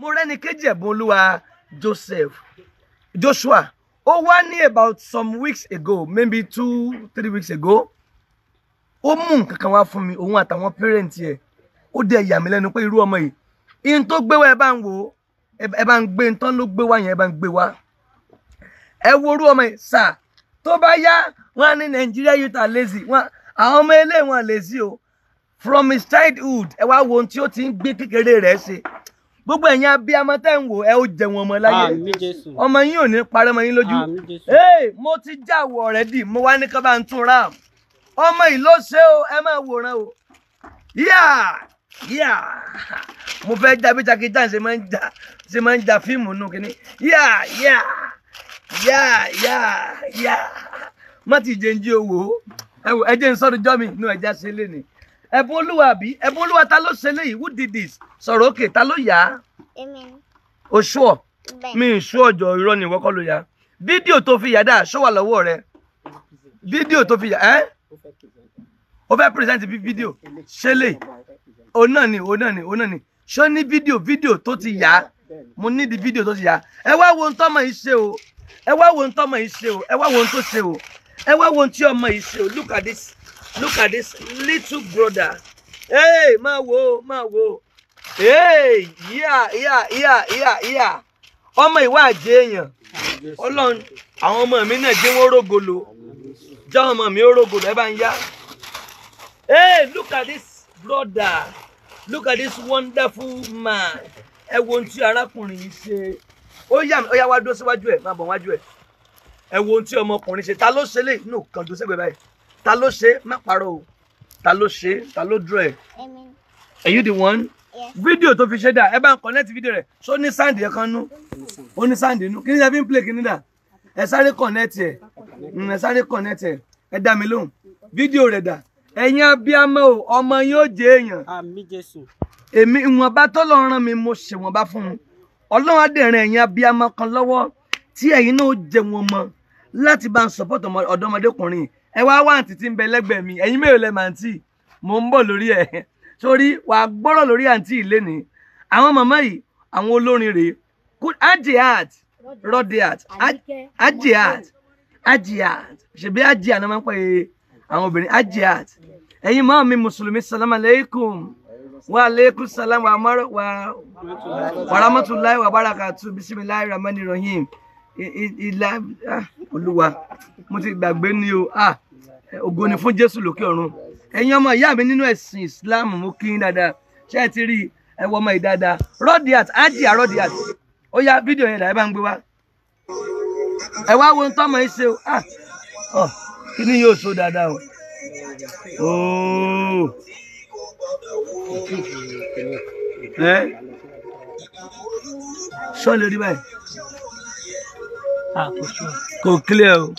mo rẹ́ni kejì ẹ̀bùn olúwa Joseph Joshua ó wá ní about some weeks ago maybe two three weeks ago ó mú nǹkan kan wá fún mi òun àtàwọn parent ẹ̀ ó dẹ̀ yà mí lẹ́nu pé irú ọmọ yìí ihun tó gbé wá ẹ bá ń wò ó ẹ bá ń gbé ń tán ló gbé wá yẹn ẹ bá ń gbé wá ẹ wo orú ọmọ yìí sà tó bá yá wọn ní Nàìjíríà youth are lazy wọn àwọn ọmọ eléyìí wọn lazy o from his childhood ẹ wá wo ohun tí ó ti ń gbé kékeré rẹ̀ ṣe gbogbo ẹ̀yin abiyamọ tẹ́ ń wò ẹ ó jẹ wọn ọmọ láyé ọmọ yín ò ní parẹ́ ọmọ yín lójú ee mo ti jáwọ́ already mo wá ní ká bá ń tún ra ọmọ yìí ló ṣe o ẹ máa wòran o yíyà yíyà mo fẹ́ já bí Jackie Chan ṣe máa ń já ṣe máa ń já fíìmù nù kínní yíyà yíyà yíyà yíyà yíyà má ti jẹ́ ń jí owó ẹ jẹ́ ń sọ́dún jọ́ mi nù ẹ̀já ṣe lé ni ẹ̀bùn olúwa àbí ẹ̀bùn olúwa ta ló ṣe léyìí who did this sọ̀rọ̀ òkè ta ló yà á. oṣù ọ mi ìṣú ọjọ irọ́ ni ìwọ kọ́ ló yà á fídíò tó fi yà dáa ṣó wà lọ́wọ́ rẹ fídíò tó fi yà ẹ́ o fẹ́ pírẹsẹ́ntì bí fídíò ṣe lè o náà ni o náà ni o náà ni ṣó ní fídíò fídíò tó ti yà á mo ní di fídíò tó ti yà ẹ wá wo ohun tọ́mọ yìí ṣe o ẹ wá wo ohun tọ́mọ yìí ṣe o ẹ wá wo ohun tó ṣe o ẹ wá wo ohun tí ọmọ yìí ṣe o look at this look at this little brother hey ma wo ma wo hey yeah, yeah, yeah. yíyá yíyá ọmọ ìwà àjẹ èèyàn ọlọ́run àwọn ọmọ mi náà jẹ́ wọ́n rògbòlò jẹ́ ọmọ mi ó rògbòlò ẹ bá ń yá hey look at this brother look at this wonderful man ẹ wo ohun tí arákùnrin yìí ṣe ó yà ó yà wá dúró síwájú ẹ máa bọ̀ wájú ẹ ẹ wo ohun tí ọmọkùnrin ṣe ta ló ṣe lè nù kàn dúró sẹ́gbẹ̀ẹ́ báyìí ta ló ṣe má parọ́ o ta ló ṣe ta ló draw ẹ̀ are you the one fídíò tó fi ṣe dà ẹ bá ń connect video. rẹ̀ ṣó ní sáǹdì ẹ̀kan nú ó ní sáǹdì nú kí ni ẹ fi ń play kí ni dà ẹ sáré connect ẹ mm, ẹ sáré connect ẹ ẹ dá mi lóhùn fídíò rẹ̀ dà ẹ̀yin abiyamọ o ọmọ yín ó jẹ èèyàn èmi ìwọ̀nba tọ́lọ̀ ràn mí mo ṣèwọ̀nba fún un ọlọ́run adẹ̀rìn ẹ̀yin abiyamọ kan lọ́wọ́ tí ẹ̀yin náà ó jẹ wọn mọ láti bá ń support ọ̀dọ́mọdékùnrin yìí ẹ wá wá àǹtí tí ń bẹ lẹ́gbẹ̀ẹ́ mi ẹ̀yin mélòó lẹ màǹtí mò ń bọ̀ lórí ẹ̀ sórí wà á gbọ́rọ̀ lórí àǹtí ilé ni àwọn màmá yìí àwọn olórin rèé ajiat rodiat ajiat ajiat ṣèbí ajiat ni wọ́n pè é àwọn obìnrin ajiat ẹ̀yin máa mi mùsùlùmí salamu aleykum wa aleykum salam wa amaro wa wa rahmatulahi wa barakatu bisimilahi rahmani rahim ìlà olúwa mo ti gbàgbé ní o ògo ni fún jésù lókè ọ̀run ẹ̀yin ọmọ ìyá mi nínú ẹ̀sìn islam mo kí yín dáadáa ṣé ẹ ti rí ẹwọ ọmọ yìí dáadáa rọdíàt ájìyà rọdíàt ó yá fídíò yẹn dàbí bá ń gbé wá ẹ wá wo tọmọ yìí ṣe o kí ni yóò so dáadáa o ooo ẹ sọ lè báyìí. Ah, kò clear o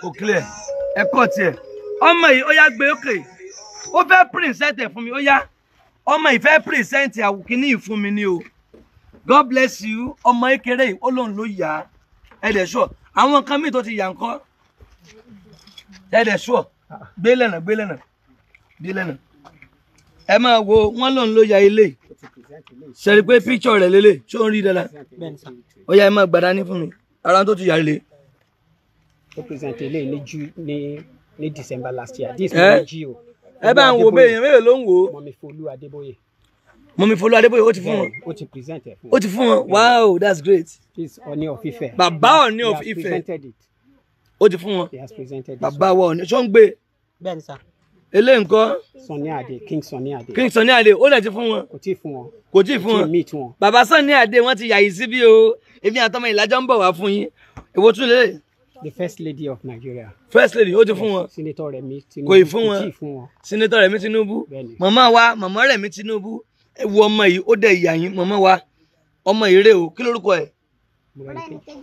kò clear ẹ̀kọ́ tiẹ̀ ọmọ yìí ó yá gbé òkè ó fẹ́ present ẹ̀ fún mi ó yá ọmọ yìí fẹ́ present àwùkíní yìí fún mi ni o God bless you ọmọ ekere yìí ó lóun ló yá ẹ̀dẹ̀ sọ àwọn nǹkan míì tó ti yà ń kọ́ ẹ̀dẹ̀ sọ gbé lẹ́nà gbé lẹ́nà gbé lẹ́nà ẹ máa wo wọn lòun ló ya ilé ṣe rí i pé píkṣọ rẹ̀ lélẹ̀ ṣó ń rí dáadáa ó yá ẹ máa gbàdání fún mi ara tó ti yà lé. ó pèsèntè lè ní ju ní ní december last year this month eh? jí o. ẹ bá ń wo bẹ́ẹ̀ yẹn mẹ́rin ló ń wò ó. mọ̀mí folú adébóyè. mọ̀mí folú adébóyè ó ti fún wọn. ó ti present ẹ̀ fún wọn. ó ti fún wọn wow that's great. this Ọọ̀ni of Ifẹ̀. bàbá Ọọ̀ni of Ifẹ̀ ó ti fún wọn. bàbá wa Ọọ̀ni ṣó ń gbé. bẹ́ẹ̀ ni sá eléyìí ńkọ́. Sunny Ade, King Sunny Ade. King Sunny Adé ó lè ti fún wọn. kò tí ì fún wọn. kò tí ì fún wọn. kò tí ì meet wọn. bàbá Sunny Adé wọn ti yàyí síbí o èmi àtọmọ ìlàjọ ń bọ̀ wá fún yín èwo tún lè. the first lady of Nigeria. first lady ó ti fún wọn. senator Rẹ̀mí Tinubu kò ì fún wọn. senator Rẹ̀mí Tinubu Mama wa màmá Rẹ̀mí Tinubu ẹ wo ọmọ yìí ó dẹ̀ yà yín màmá wa ọmọ yìí rè o kí lórúkọ ẹ.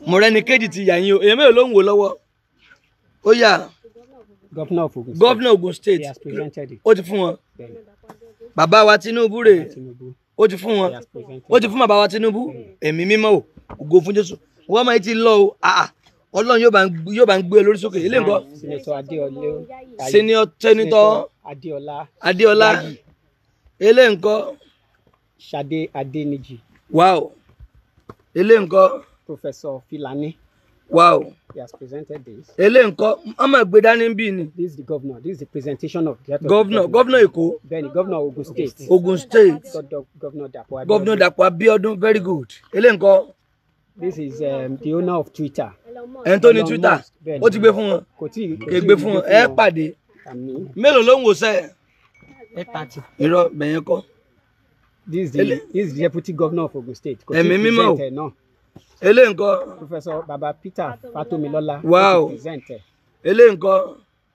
Mọ̀rẹ́ni kejì ti yà yín o èèyàn mélòó ló ń wò lọ́wọ́ ó yà governor of Ogun state governor Ogun state he has presented it ó ti fún wọn bàbá wa Tinubu rè ó ti fún wọn ó ti fún bàbá wa Tinubu ẹ̀mí mímọ́ o ògo fún Jésù wọ́n máa ti lọ o Ọlọ́run yóò bá ń gbé olórí sókè ilé nǹkan sẹ́nitọ́ Adeola. ilé nǹkan Ṣadé Adéníjì wow ilé nǹkan professor Filani. Wow. He has presented this. Ele nko, ọmọ ìgbé dání bí ni. This is the governor. This is the presentation of the. Governor, governor Èkó. Bẹ́ẹ̀ni, governor Ogun State. Ogun State. Governor Dapo Abiodun. Governor Dapo Abiodun, very good. Ele nko. This is um, the owner of Twitter. Ẹni tó ní Twitter, ó ti gbé fún wọn. Kò tí ì gbé fún wọn. Ẹ pàdé. Mélòó ló ń wò sẹ́ẹ̀? Ẹ tàtì. Irọ́ bẹ̀yẹn kọ́. This is the this is the deputy governor of Ogun State. Kò tí ì present ẹ̀ náà eléyìí ńkọ́. professor baba peter fatomilola. wow eléyìí ńkọ́.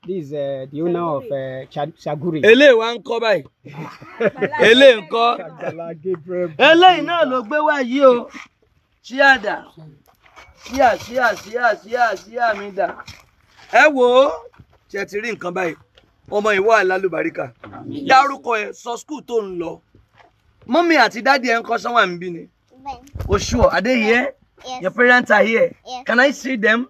this is uh, the owner of uh, shaguri. eléyìí wa ń kọ́ báyìí eléyìí ńkọ́ eléyìí náà ló gbé wá yìí o ṣíàdà ṣíà ṣíà ṣíà ṣíà ṣíà mi dà ẹ wò ó ṣe ti rí nǹkan báyìí ọmọ ìwọ alálùbáríkà dárúkọ ẹ sọ skul tó ń lọ mọ́mí àti dádì ẹ ń kọ́ sọ́wọ́n à bí ni. Oh, sure. Are they here? Yes. Your parents are here. Yes. Can I see them?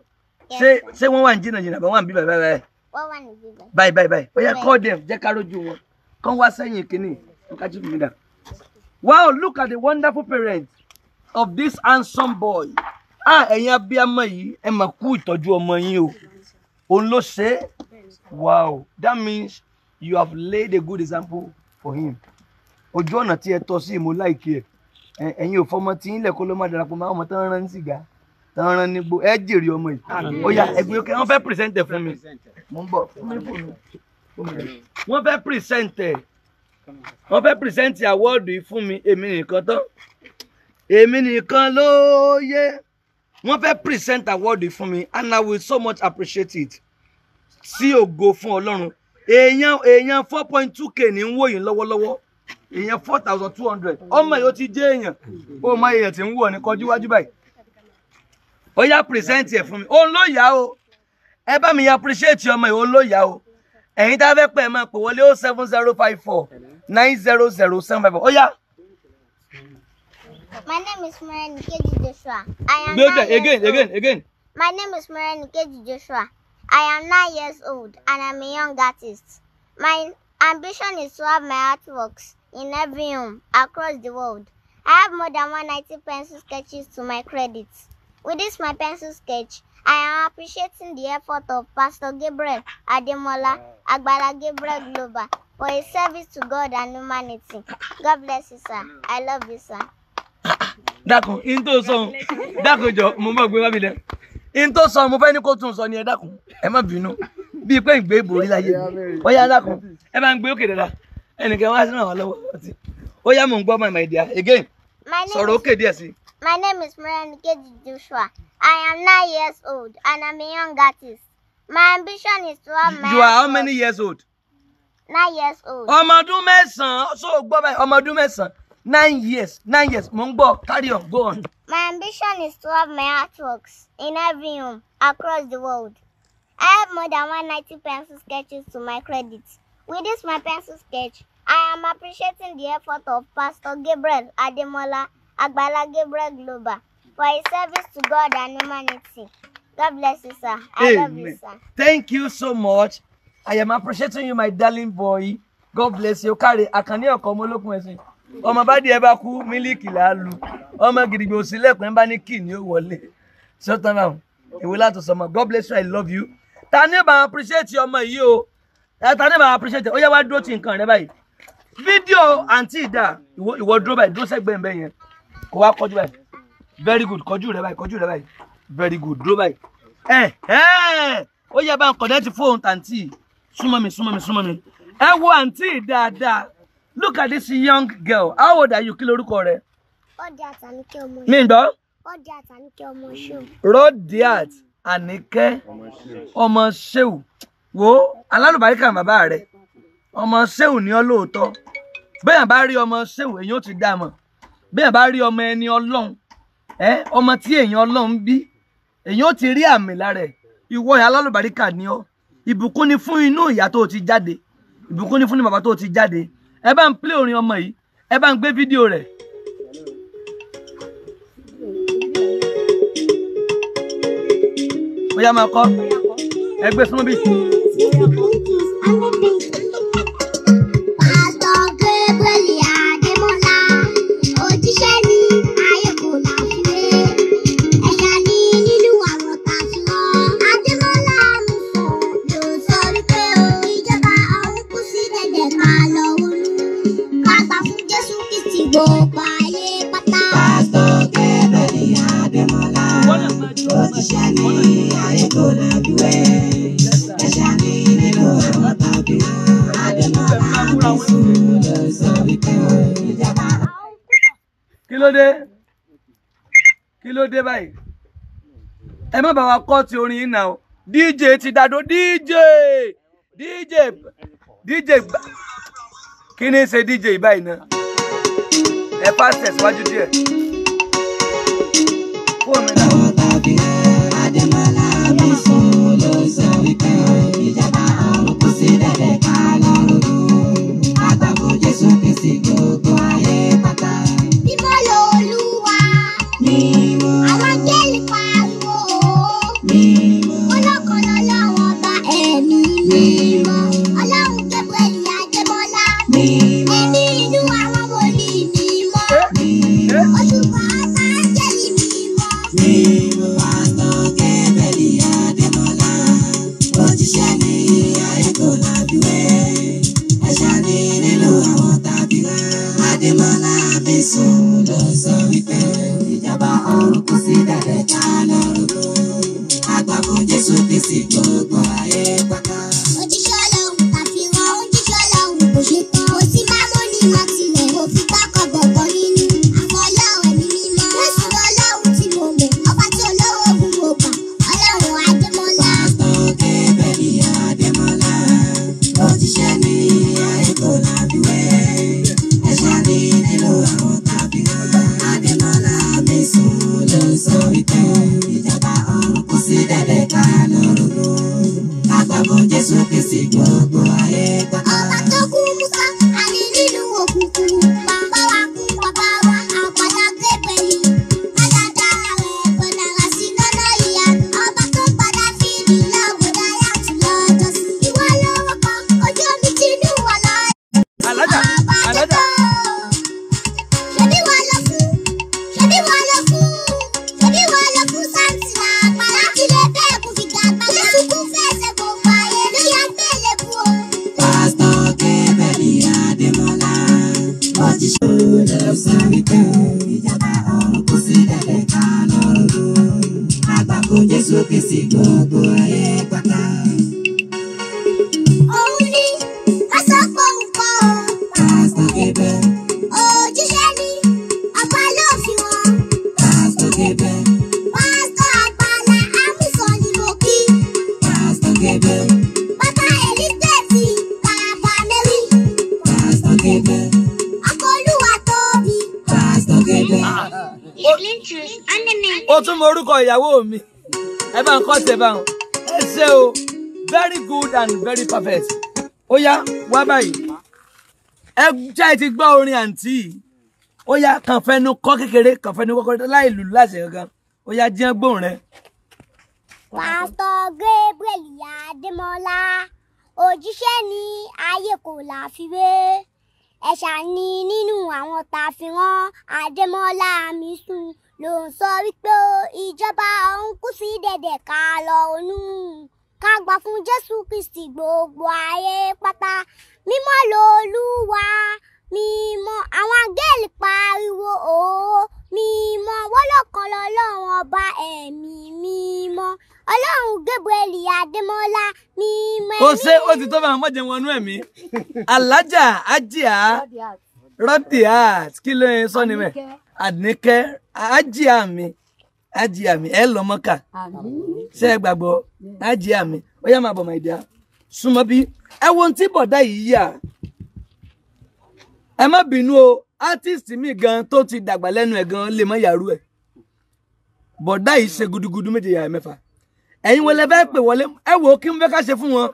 Yes. Say, say one one jina jina, but one bye bye bye. One one bye bye bye. Oya oh, call them. Jẹ́ ká rójú wọn. Kàn wá sẹ́yìn kìíní. Look at Wow, look at the wonderful parents of this handsome boy. Ah, ẹ̀yin abiyamọ yìí, ẹ mà kú ìtọ́jú ọmọ yín o. Òun ló Wow, that means you have laid a good example for him. Ojú ọ̀nà tí ẹ tọ́ sí ìmú ẹ̀yin ò fọmọ tí ń lẹ̀ kó ló má darapọ̀ mọ́ àwọn ọmọ tó ń rán ní sìgá tó ń rán ní gbó ẹ jèrè ọmọ yìí ó yá ẹgbẹ́ òkè wọ́n fẹ́ pìrìsẹ́ǹtẹ̀ fún mi mo ń bọ̀ wọ́n fẹ́ pìrìsẹ́ǹtẹ̀ wọ́n fẹ́ pìrìsẹ́ǹtì àwọ́ọ̀dù yìí fún mi èmi nìkan tán èmi nìkan ló yẹ wọ́n fẹ́ pìrìsẹ́ǹtì àwọ́ọ̀dù yìí fún mi and I will so much appreciate it sí ògo fún Ọlọ́run èèyàn èèyàn four point two k ní ń wò yín lọ́wọ́lọ́wọ́ èèyàn four thousand two hundred ọmọ yìí ó ti jẹ́ èèyàn ó mọ èèyàn tí ń wọ̀ ní kọjú wájú báyìí ó yá pírẹsẹ́ǹtì ẹ̀ fún mi òun ló yá o ẹ bá mi appreciate ọmọ yìí òun ló yá o ẹ̀yin tá a fẹ́ pẹ̀ máa pè wọlé o oh seven zero five four nine zero zero seven five four ó yá. My name is Morenikeji Joshua. I am nine again, years again, old. again. My name is Morenikeji Joshua. I am nine years old and I'm a young artist. My ambition is to have my artworks in every home across the world. I have more than 190 pencil sketches to my credit. With this my pencil sketch, I am appreciating the effort of Pastor Gabriel Ademola Agbala Gabriel Globa for his service to God and humanity. God bless you, sir. I love you, sir. dákun into tó sọ jo jọ mo máa gbé wá mi lẹ in tó sọ mo fẹ́ ní kó tún sọ ni ẹ dákun ẹ má bínú bíi pé ìgbé ìbòrí láyé mi ó yá dákun ẹ bá ń gbé òkè ẹnìkan wá sí ràn wá lọ́wọ́ ọtí ó yá mò ń gbọ́ my dear again sọ̀rọ̀ òkè díẹ̀ sí. My name is Morenikeji Joshua. I am nine years old and I'm a young artist. My ambition is to have my. You are how many years old? Nine years old. ọmọ ọdún mẹ́sàn-án so gbọ́ báyìí ọmọ ọdún mẹ́sàn-án nine years nine years mò ń gbọ́ carry on go on. My ambition is to have my artworks in every home across the world. I have more than one 190 pencil sketches to my credit. With this my pencil sketch, I am appreciating the effort of Pastor Gabriel Ademola Agbala Gabriel Global for his service to God and humanity. God bless you, sir. I Amen. love you, sir. Thank you so much. I am appreciating you, my darling boy. God bless you. Káre, àkànní ọkọ ọmọ olókun ẹ̀sìn. Ọmọ bá di ẹ bá kú, mílíkì là á lu. Ọmọ gidigbo òsínlẹ̀kùn ẹ bá ní kì ní ó wọlé. Ṣọ́tàn náà, èwe láti sọmọ. God bless you, I love you. Ta ni bá appreciate ọmọ yìí o? Ta ni bá appreciate? Ó yẹ wá dúró ti nǹkan rẹ báyìí fídíò àǹtí ìdá ìwọ dúró báyìí dúró sẹ́gbẹ̀ẹ́ ń bẹ́ yẹn kó wá kọjú báyìí very good kọjú rẹ báyìí kọjú rẹ báyìí very good dúró báyìí ẹ ẹ ó yẹ bá ń kọ̀dẹ́tì fóun tàǹtì súnmọ́ mi súnmọ́ mi súnmọ́ mi ẹ wo àǹtí dáadáa look at this young girl how old are you kí lorúkọ rẹ. ọdẹ àtàníkẹ́ ọmọ ṣó. mi gbọ́. ọdẹ àtàníkẹ́ ọmọ ṣó. rodiat àníkẹ́ ọmọ ṣéwù wo alálùbáríkà bàbá rẹ̀ ọmọ sẹ́wù ni ọ́ lóòótọ́ bẹ́ẹ̀ bá rí ọmọ sẹ́wù èyàn ó ti dá mọ̀ bẹ́ẹ̀ bá rí ọmọ ẹni ọlọ́run ẹ ọmọ tí èyàn ọlọ́run bí èyàn ó ti rí àmì lára ẹ̀ ìwọ ìyá alálùbáríkà ni ọ́ ìbùkún ni fún inú ìyá tó ti jáde ìbùkún ni fún ní bàbá tó ti jáde ẹ bá ń plé orin ọmọ yìí ẹ bá ń gbé fídíò rẹ̀ ó yá máa kọ ẹgbẹ́ súnmọ́ bí. ló dé báyìí ẹ má bàa kọ́ ti orin yìí nà dj ti dàdó dj dj dj kí ni ṣe dj báyìí náà ẹ pa tẹ̀síwájú díẹ̀ fóònù mi ìyàwó mi ẹ bá ń kọ́ sí ẹ bá ń ẹ ṣe o very good and very perfect ó yá wá báyìí ẹ jẹ́ ẹ ti gbọ́ orin àǹtí ó yá kàn fẹnu kọ́ kékeré kàn fẹnu kọ́ kékeré láì lù láṣẹ kankan ó yá jẹ́ gbóhùn rẹ. pásítọ̀ Gabriel Adémọ́lá òjíṣẹ́ ni ayé kò láfiwé ẹ̀ṣà ni nínú àwọn tá a fi mi sùn ló ń sọ wípé ìjọba òun kù sí dẹ̀dẹ̀ ká lọ onú ká gbà fún Jésù Kristi gbogbo ayé pátá mímọ́ lolúwa mímọ́ àwọn áńgẹ́lì pariwo òó mímọ́ wọ́n lọ́kàn ọba ẹ̀mí mímọ́ ọlọ́run Gabriel Adémọ́lá mímọ́ ẹ̀mí. ó ṣe ó ti tó bá àwọn mọ̀jẹ̀ wọnú ẹ̀mí alájà ájíà rọ́dìát kí ló ń sọ níbẹ̀ àníkẹ́ ájì àmì ájì àmì ẹ lọ mọ́kà ṣe é gbàgbọ́ ájì àmì ó yá máa bọ̀ máa dá súnmọ́ bí ẹ wo ohun tí bọ̀dá yìí yà ẹ má bínú o artist mi gan tó ti dàgbà lẹ́nu ẹ̀ gan lè mọ́ yàrú ẹ̀ bọ̀dá yìí ṣe gudugudu méje yàrá mẹ́fà ẹ̀yin wọlé fẹ́ pè wọlé ẹ wò ó kí n fẹ́ ká ṣe fún wọn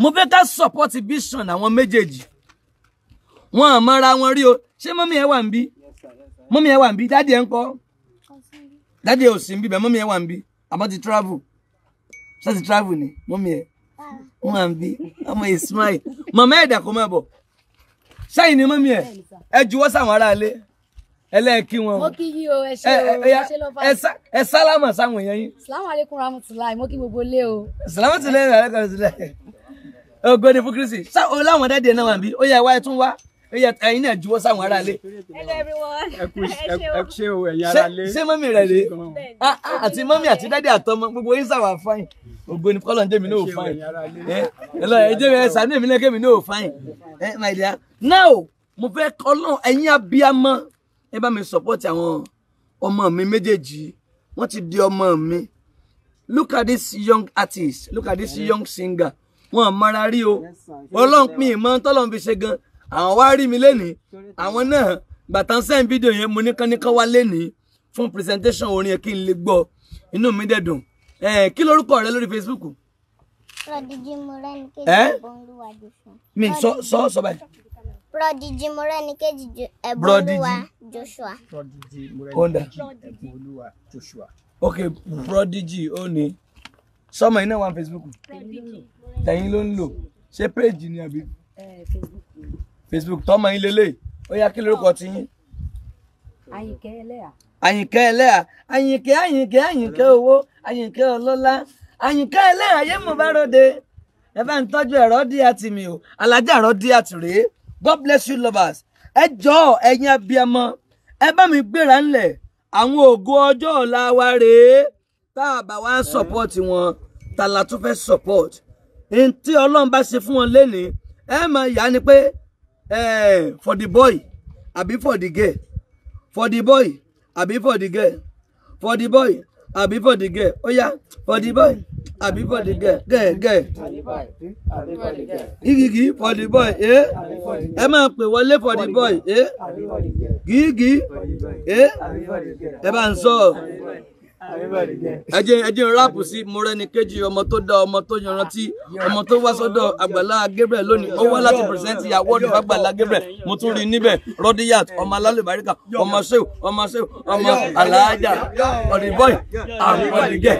mo fẹ́ ká support vision àwọn méjèèjì wọn àmọ́ra wọn rí o ṣé mọ́mí ẹ wà ń bí Mummy, ẹ wà ń bí dáàdì ẹ ń kọ́ dáàdì ẹ ò sí ń bí bẹ́ẹ̀ mọ́mí ẹ wà ń bí àmọ́ ti travel ṣé ti travel ni mọ́mí ẹ ń wà ń bí ọmọ ismail màmá ẹ̀dà kò máa bọ̀ ṣáyìn ni mọ́mí ẹ ẹ juwọ́ sáwọn aráalé ẹlẹ́ẹ̀kí wọn. mo kí yín o ẹ ṣe o ẹ ṣe lọ́ba. ẹ sálámà sáwọn èèyàn yín. sàlámù aleykum rahmatulahi mo kí gbogbo lé o. sàlámù tilẹ̀ aleykum rahmatulahi. ògo ni fún kristi. ṣá o láwọn dáàdì ẹ náà wà ń bí ó yẹ wá ẹ tún wá yẹ ẹyin náà juwọ́ sáwọn ará ilé. hello everyone. ẹ ṣe o ẹyin ará ilé. ṣé mọ́mì rẹ̀ rè é ah, ah, àti mọ́mì àti dádì àtọmọ gbogbo yín sàwà fáyìn ògo ni kọ́lọ̀ ń jẹ́ mi náà fáyìn ẹ lọ eh, ẹ jẹ́ mi ẹ sàánú èmi náà kémi náà fáyìn ẹ eh, my dear now mo fẹ́ ọlọ́run ẹ̀yin abiyamọ ẹ bá mi support àwọn ọmọ mi méjèèjì wọ́n ti di ọmọ mi look at this young artist look at this young singer wọn mara rí o ọlọ́run pin ìmọ̀ tọ́lọ́run fi ṣe gan-an àwọn wá rí mi lénìí àwọn náà gbàtàn sẹ́yìn fídíò yẹn mo ní kánníkán wá lénìí fún presentation orin yẹn kí n lè gbọ́ inú mi dẹ̀ dùn kí lorúkọ rẹ lórí Facebook. Prodigy Morenikeji Ẹ̀bùnolúwa mi sọ sọ sọ báyìí. Prodigy Morenikeji Ẹ̀bùnolúwa Joshua. Prodigy Morenikeji Ẹ̀bùnolúwa Joshua. ok Prodigy ó ní sọmọ iná wa Facebook tẹ̀yin ló ń lò ṣé péèjì ni àbí. Eh, facebook tọmọ yín lélẹ̀ ó yá kí lórúkọ ti yín. àyìnkẹ́ ẹlẹ́à. àyìnkẹ́ ẹlẹ́à àyìnkẹ́ àyìnkẹ́ àyìnkẹ́ owó àyìnkẹ́ ọlọ́lá àyìnkẹ́ ẹlẹ́à yé mo bá ròde ẹ bá ń tọ́jú ẹ̀rọ dí àti mi o alájà ẹ̀rọ dí àti rèé god bless you lovers ẹ jọ̀ọ́ ẹ̀yin abiyamọ ẹ bá mi gbéra ńlẹ̀ àwọn ògo ọjọ́ ọ̀la wa rèé tá a bá wá support wọn tá la tún fẹ́ support ntí Ọlọ́run bá ṣe fún wọn lénìí ẹ máa yá ni pé eh, for the boy I be for the girl for the boy I be for the girl for the boy I be for the girl ó yá for the boy I be for the girl girl girl for the boy ẹ eh? ẹ máa pè wọlé for the boy ẹ gígì ẹ ẹ bá ń sọ ẹjẹ ẹjẹ ráàpù sí Mọ́rẹ́níkejì ọmọ tó dá ọmọ tó yanrantí ọmọ tó wá sọ́dọ̀ Àgbàlá Gabriel lónìí ó wá láti pẹrẹsẹǹtì àwọdù Àgbàlá Gabriel mo tún rí níbẹ̀ Rọdíyàt ọmọ alálùbáríkà ọmọ ṣéw ọmọ ṣéw ọmọ aláàjà ọdìbọì àbọdìgẹ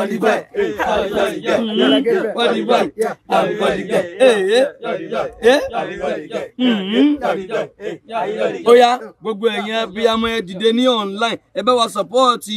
ọdìbọì ọdìgẹ ọdìbọì àbọdìgẹ ee ee ó yá gbogbo ẹ̀yin abiyamọ ẹ dìde ní online ẹ bá wa sọpọ́ọ̀tì.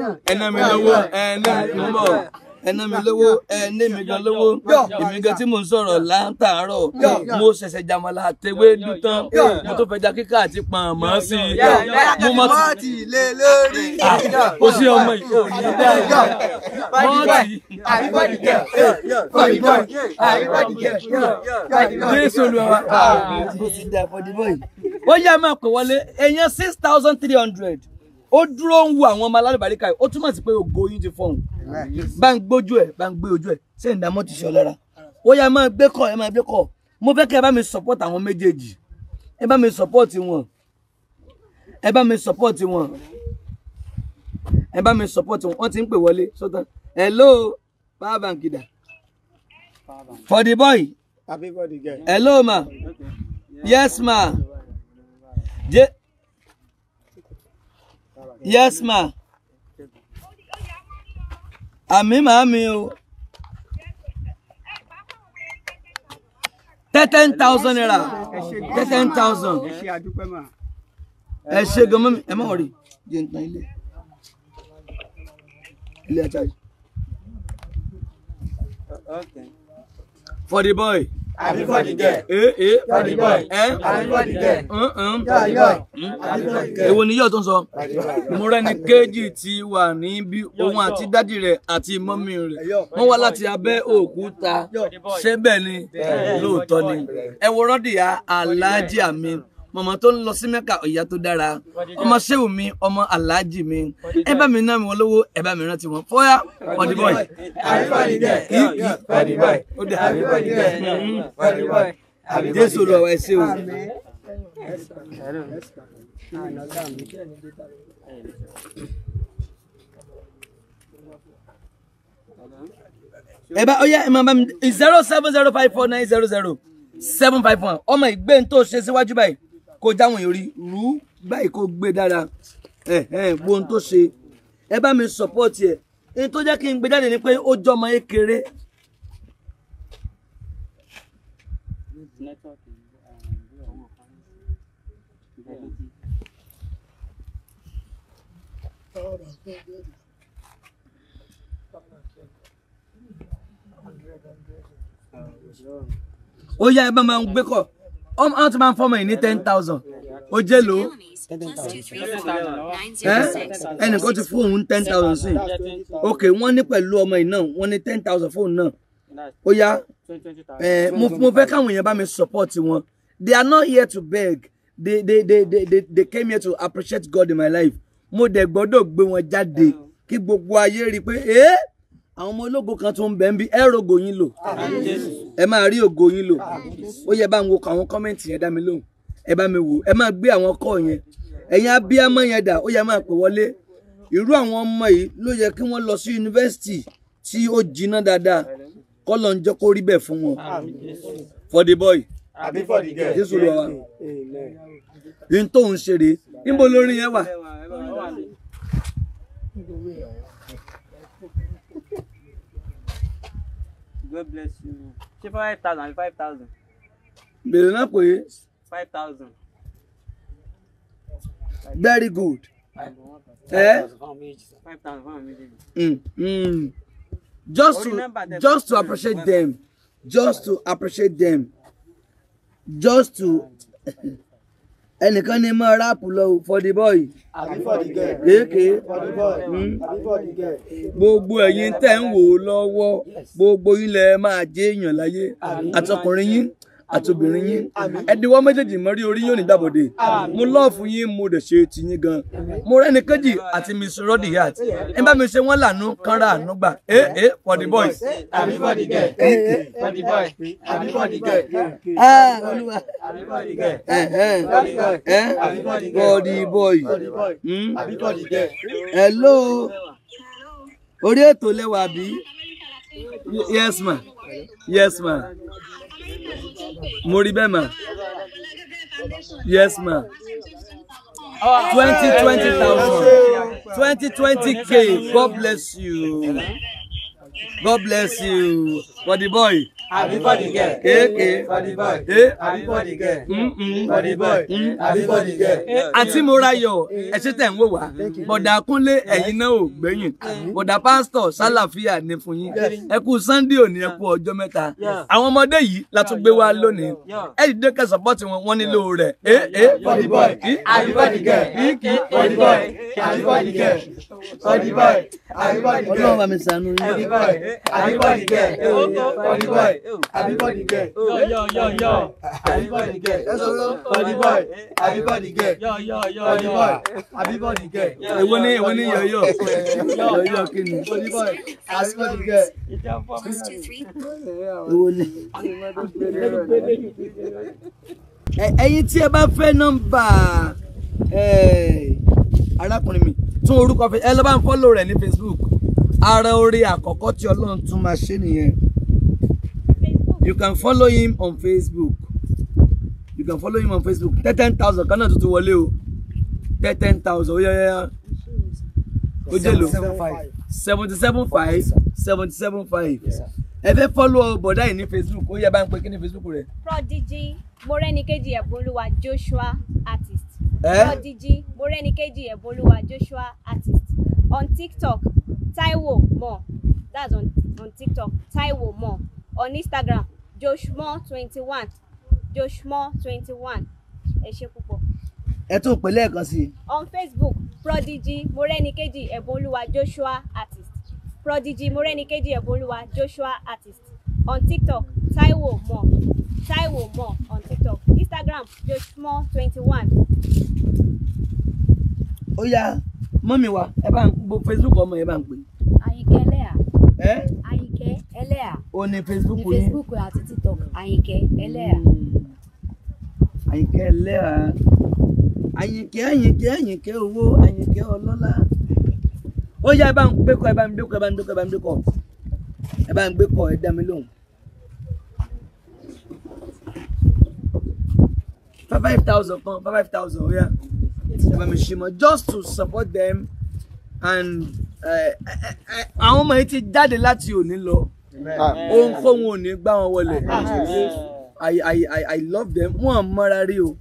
ẹ̀nà mi lówó ẹ̀ẹ́nà mi mọ̀ ẹ̀nà mi lówó ẹ̀ẹ́nà mi gan lówó èmi gan tí mò ń sọ̀rọ̀ látàárọ̀ mo ṣẹ̀ṣẹ̀ jàmọ̀lá àtẹwé dùtàn mo tó fẹja kíkà àti pàmò sí i mo mọ ti lé lórí ah, o sí ọmọ yìí ò ní dáadáa mọ́ọ̀tì jésù olùwà ah. ó yá máa pè wọlé èèyàn six thousand three hundred ó dúró ń wo àwọn ọmọ alálùbáríkà yìí ó túmọ̀ sí pé ògo yín ti fọ̀hún bá ń gbójú ẹ̀ bá ń gbé ojú ẹ̀ ṣé ìdámọ́ ti ṣe ọlọ́ra ó yá máa gbé kọ́ ẹ máa gbé kọ́ mo fẹ́ kí ẹ bá mi support àwọn méjèèjì ẹ bá mi support wọn ẹ bá mi support wọn ẹ bá mi support wọn wọ́n ti ń pè wọlé sọ́tàn hello power bank dà for the boy hello ma yes ma. Je yes ma àmì màámi o thirteen thousand naira thirteen thousand ẹ ṣe gan mọ́mi ẹ má wọ̀rí jẹ́ nǹkan ilé ilé ajá yìí for the boy. Everybody there. Eh eh. Body boy. Eh, eh. Everybody there. Mm mm. Yọ mm. yọ. Everybody there. Èwo ni yóò tó ń sọ? Mo rẹ́ni kéjì ti wà níbi òun àti dádì rẹ̀ àti mọ́mí rẹ̀. Wọ́n wá láti abẹ́ òkúta. Ṣé bẹ́ẹ̀ ni? Lóòótọ́ ni. Ẹ wo rọ́dìyà aláàjì mi mọ̀mọ́ tó ń lọ sí mẹ́kà ìyá tó dára ọmọ ṣéwù mi ọmọ aláàjì mi ẹ bá mi ná mi wọn lówó ẹ bá mi rántí wọn fọyà fọdí bọ́ì. àbíbọ̀dì dẹ̀ fọdí bọ́ì àbíbọ̀dì dẹ̀ fọdí bọ́ì. jésù lọ wá ẹ ṣé o. ẹ bá ó yá ẹ máa bá mi zero seven zero five four nine zero zero seven five one ọmọ ìgbé ń tó ṣe síwájú báyìí kó jáwọn èèyàn rí rú báyìí kó gbé dára ẹ ẹ wo ohun tó ṣe ẹ bá mi sọpọ́ọ̀tì ẹ̀ ní tó jẹ́ kí n gbé jáde ni pé ó jọmọ ékeré. ó yá ẹ bá máa ń gbé kọ ọmọ àwọn tó máa ń fọmọ yìí ní ten thousand ó jẹ́ lò ó ẹnì ti fún òun ten thousand sí ok wọ́n ní pẹ̀lú ọmọ yìí náà wọ́n ní ten thousand fóun náà ó yá mo fẹ́ káwọn èèyàn bá mi support wọn they are not here to beg they they they they they, they came here to appreciate God in my life mo dẹ̀ gbọ́dọ̀ gbé wọn jáde kí gbogbo ayé rí i pé àwọn ọmọ ológo kan tó ń bẹ ń bí ẹ rògo yín lò ẹ máa rí ògo yín lò ó yẹ bá ń wo àwọn kọ́mẹ́ǹtì yẹn dá mi lóhùn ẹ bá mi wò ẹ máa gbé àwọn kọ́ yẹn ẹ̀yin abiyamọ yẹn dà ó yẹ máa pè wọlé irú àwọn ọmọ yìí ló yẹ kí wọ́n lọ sí yunifásitì tí ó jiná dáadáa kọ́ ló ń jẹ́ kó rí bẹ́ẹ̀ fún wọn for the boy àbí for the girl jésù lọ wa n tó ń ṣeré níbo lórí yẹn wà. God bless you. five thousand five thousand? Bèrè náà pé. Five thousand. Very good. Eh? Five thousand fún àwọn méjèèjì. Just to just to appreciate them just to appreciate them just to ẹnìkan ní mọ ráàpù lọ for the boy for the girl? kéèké hmm. gbogbo ẹ̀yin tẹ́ ń wò lọ́wọ́ gbogbo yín lẹ máa jẹ́ èèyàn láyé àtọkùnrin yín àtobìnrin yín ẹdínwó méjèèjì mọ́rí orí yóò ní gbàbọ̀dé mo lọ́ọ̀fù yín mo dẹ̀ ṣe ti yín gan mo rẹ́ni kejì àti miss rodiat ẹ bá mi ṣe wọ́n lànà kanra àánú gbà ee ee for the boys. àbí for the girl for the boy àbí for the girl. olúwa àbí for the girl àbí for the girl for the boy hmm? àbí for the girl. hello orí ètò lẹ́wà bí yes ma yes ma mo rí yes ma twenty twenty thousand twenty twenty k god bless you god bless you for the boy. Everybody, for the girl. K K for the boy. A abi for the girl. Mm mm for the boy. Àti Morayọ̀ ẹ tẹ̀ ń wò wá. Bọ̀dà Kúnlé ẹ̀yin náà ò gbẹ̀yìn. Bọ̀dà Pásítọ̀ Sálàfíà ni fún yín. Ẹ kú Sunday òní ẹ kú ọjọ́ mẹ́ta. Àwọn ọmọdé yìí la tún gbé wá lónìí. Ẹ dìde ká sọ́pọ́tì wọn, wọ́n nílò rẹ̀. A A for the boy. Abi for the everybody get. Yo, yo, yo, yo. Everybody get. Body boy. Everybody get. Yo, yo, yo, yo. Body boy. Everybody get. Èwo ni èwo ni yo, yo. Yo, yo, kini. Body boy. Everybody get. Èwo ni. Ẹ̀yin tí ẹ bá fẹ́ nọ́mbà eh, arákùnrin mi tún orúkọ ẹ lọ bá ń fọ́lò rẹ̀ ní Facebook ara orí àkọ́kọ́ tí Ọlọ́run tún máa ṣe nìyẹn you can follow him on facebook you can follow him on facebook ten thousand kan náà tuntun wọlé o ten thousand ó yẹ́yẹ́ ó jẹ́ lò seventy seven five seventy seven five ẹ fẹ́ follow bọ̀dá yìí ní facebook ó yẹ bá ń pe kí ní facebook rẹ. prodigy morenikeji ẹ̀bùnlúwa joshua artist. Eh? prodigy morenikeji ẹ̀bùnlúwa joshua artist on tiktok taiwo mo that's on, on tiktok taiwo mo on Instagram joshmo21 joshmo21 ẹ ṣe púpọ̀. ẹ tún pè lẹ́ẹ̀kan sí i. on Facebook prodigy morenikeji ẹ̀bùnolúwa joshua artist prodigy morenikeji ẹ̀bùnolúwa joshua artist on TikTok taiwo mo taiwo mo on TikTok Instagram joshmo One. ó yá mọ́mí wa ẹ bá ń gbọ́ Facebook ọmọ ẹ bá ń pè. àyìnkẹ́lẹ́ à àyìnkẹ́ eh? ẹlẹ́à. o ní facebook yẹn. ní facebook àti tiktok àyìnkẹ́ hmm. ẹlẹ́à. àyìnkẹ́ ẹlẹ́à àyìnkẹ́ àyìnkẹ́ àyìnkẹ́ owó àyìnkẹ́ ọlọ́lá ó yá ẹ bá ń gbé kọ ẹ bá ń gbé kọ ẹ bá ń gbé kọ ẹ bá ń gbé kọ ẹ bá ń gbé kọ ẹ dá mi lóhùn. five thousand kan five thousand ó ẹ bá mi ṣe mọ just to support them and. Eh, eh, eh, àwọn ọmọ yìí ti jáde láti òní lọ ohunkóhun ò gbá wọn wọlé i i i i love them wọn mọra rí o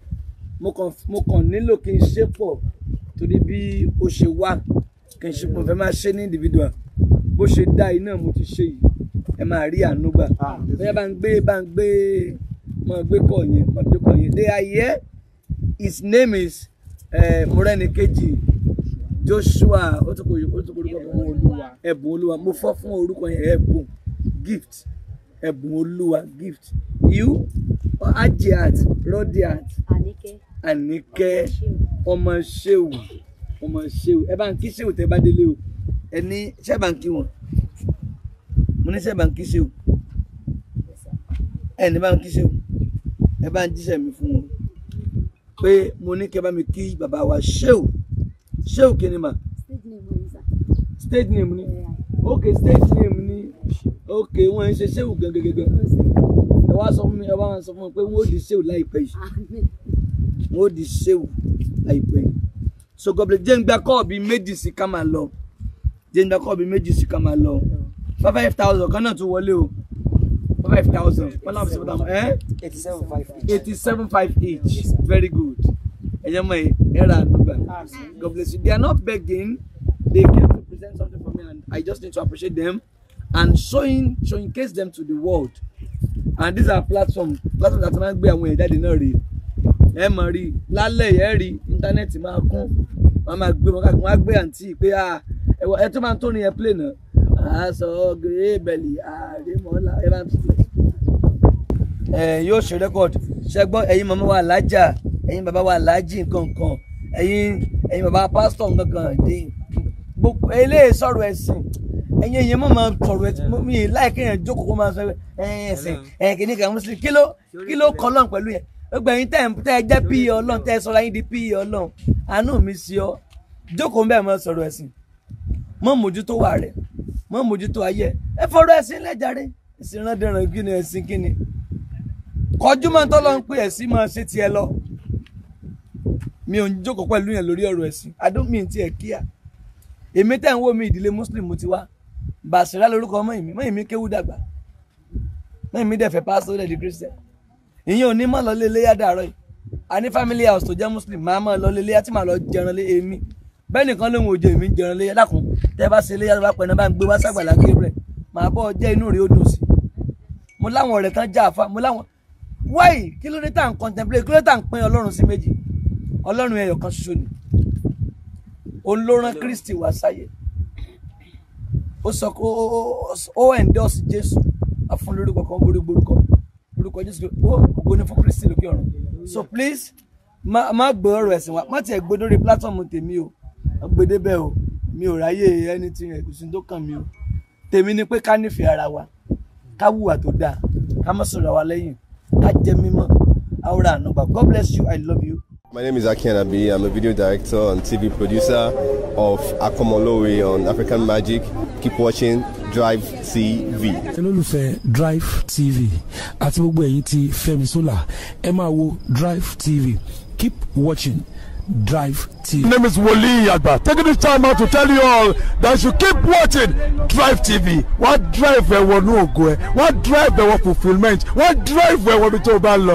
mo kàn nílò kí n ṣe pọ̀ torí bí ó ṣe wá kí n ṣe pọ̀ fẹ́ máa ṣe ní individual bó ṣe dá iná mo ti ṣe yìí ẹ máa rí àánú gbà bóyá bá ń gbé bá ń gbé mọ gbé kọ yẹn mọ gbé kọ yẹn they are here his name is uh, Morenikeji joshua ó tún kò orúkọ kan olúwa ẹ̀bùn olúwa mo fọ́ fún orúkọ yẹn ẹ̀bùn gift ẹ̀bùn olúwa gift you ajiat rodiat àníkẹ́ ọmọ ṣéwù ọmọ ṣéwù ẹ bá ń kí ṣéwù tẹ bá délé o ẹ ní ṣẹ́ bá ń kí wọn mo ní ṣẹ́ bá ń kí ṣéwù ẹ ní bá ń kí ṣéwù ẹ bá ń jíṣẹ́ mi fún wọn pé mo ní kẹ́ bá mi kí bàbá wa ṣéwù sheik ni ma state name ni ok state name ni Okay, wọn ń ṣe sheik gangangangan ẹ wá sọ fún mi ẹ wá sọ fún mi pé wọn ò di sheik láìpẹ́ yìí wọn ò di sheik láìpẹ́ yìí so gọbìlẹ jẹ ń gba kọọbì méjì sí ká máa lọ jẹ ń gba kọọbì méjì sí ká máa lọ five five thousand kan náà tún wọlé o five thousand one thousand seven thousand eighty seven five each very good my Era number. God bless you. They are not begging. They came to present something for me, and I just need to appreciate them and showing showcase them to the world. And these are platforms, platforms that máa be gbé àwọn ẹ̀dá ìdènà rí. Ẹ mọ̀ rí lálẹ́ ẹ̀ rí íńtánẹ́ẹ̀tì máa kún. Wọ́n máa gbé wọn káàkiri, wọ́n á gbé àǹtí pé ẹ tó máa ń tóni ẹ plé náà. Àásọ gírébẹ̀lì àrèmọ́lá ẹ máa ń tó. Ẹ yóò ṣe rẹ́kọ̀dì ṣẹ́gbọ́n ẹ̀yin mọ̀mọ́ wa lájà ẹ̀yin bàbá wa aláàjì nkankan ẹ̀yin ẹ̀yin bàbá pásítọ̀ nkankan dé gbogbo eléyìí sọ̀rọ̀ ẹ̀sìn ẹ̀yin èyàn máa sọ̀rọ̀ ẹ̀sìn mi yìí láìpẹ́ yẹn jókòó kó máa sọ ẹ̀yin ẹ̀sìn ẹ̀yin kìíní kan muslim kí ló kí ló kọ́ lọ́n pẹ̀lú yẹn gbogbo ẹ̀yin tẹ́ ẹ jẹ́ píì ọlọ́run tẹ́ ẹ sọ̀rọ̀ ayín di píì ọlọ́run àánú mi sí ọ jókòó bẹ́ẹ̀ máa sọ̀rọ̀ ẹ̀sìn mọ́ mójútó wà rẹ̀ mọ́ mójútó ayé ẹ fọ̀rọ̀ ẹ̀sìn lẹ́jàre ẹ̀sìn rán dẹ̀ràn kí ni ẹ̀sìn kọjú mọ́ tọ́lọ́ ń pè ẹ̀sìn máa ṣe tiẹ̀ lọ mi ò ń jókòó pẹ̀lú yẹn lórí ọ̀rọ̀ ẹ̀sìn I don't mean tiẹ̀ kíá èmi tẹ̀ ń wò mí ìdílé muslim mo ti wá Basira lórúkọ mọ́yìn mi mọ́yìn mi kéwú dàgbà mọ́yìn mi dẹ̀ fẹ́ pásítọ̀ dẹ̀ di christian ìyẹn ò ní mọ̀ lọ lélẹ́ yá dàárọ̀ yìí a ní family house tó jẹ́ muslim máa mọ̀ lọ lélẹ́ yá tí màá lọ jẹran lé èmi bẹ́ẹ̀ nìkan lóhun òjò èmi jẹran lé yá lákùn tẹ́ bá ṣe lé yá lọ́wọ́ pẹ̀lú bá ń gbé wá sàgbàlá Gabriel màá bọ́ jẹ́ inú rẹ̀ ó dùn sí mo láwọn ọ̀rẹ́ kan já àfa mo láwọn wáyì kí ló dé tà ń contemplate kí ló dé tà ń pín Ọlọ́run sí méjì ọlọ́run ẹyọ kan ṣoṣo ni òun ló rán kristi wá sáyé ó sọ pé ó endorse jésù afún lórúkọ kan borí gborúkọ lórúkọ jésù ó ògo ni fún kristi lókè ọ̀run so please má gbọ́ ọ̀rọ̀ ẹ̀sìn wa má tiẹ̀ gbé lórí platform tèmi o gbedebẹ o mi ò ráyè anything ẹ̀gúsí tó kàn mí o tèmi ni pé ká nífẹ̀ẹ́ ara wa ká wùwà tó dáa ká má sọ̀rọ̀ wa lẹ́yìn ká jẹ́ mímọ́ àwòrán ànúgbà God bless you I love you. My name is Akian Anabi. I'm a video director and TV producer of Akomolowe on African Magic. Keep watching Drive TV. olólùfẹ́ Drive TV At gbogbo ẹ̀yin ti Fẹ́mi Sola ẹ Drive TV keep watching. Drive TV. My name is Wole Yagba. Taking this time out to tell you all that you keep watching Drive TV. What drive we ní ògo go? What drive ẹ̀wọ̀ fulfilment, What drive we bí tó o bá lọ,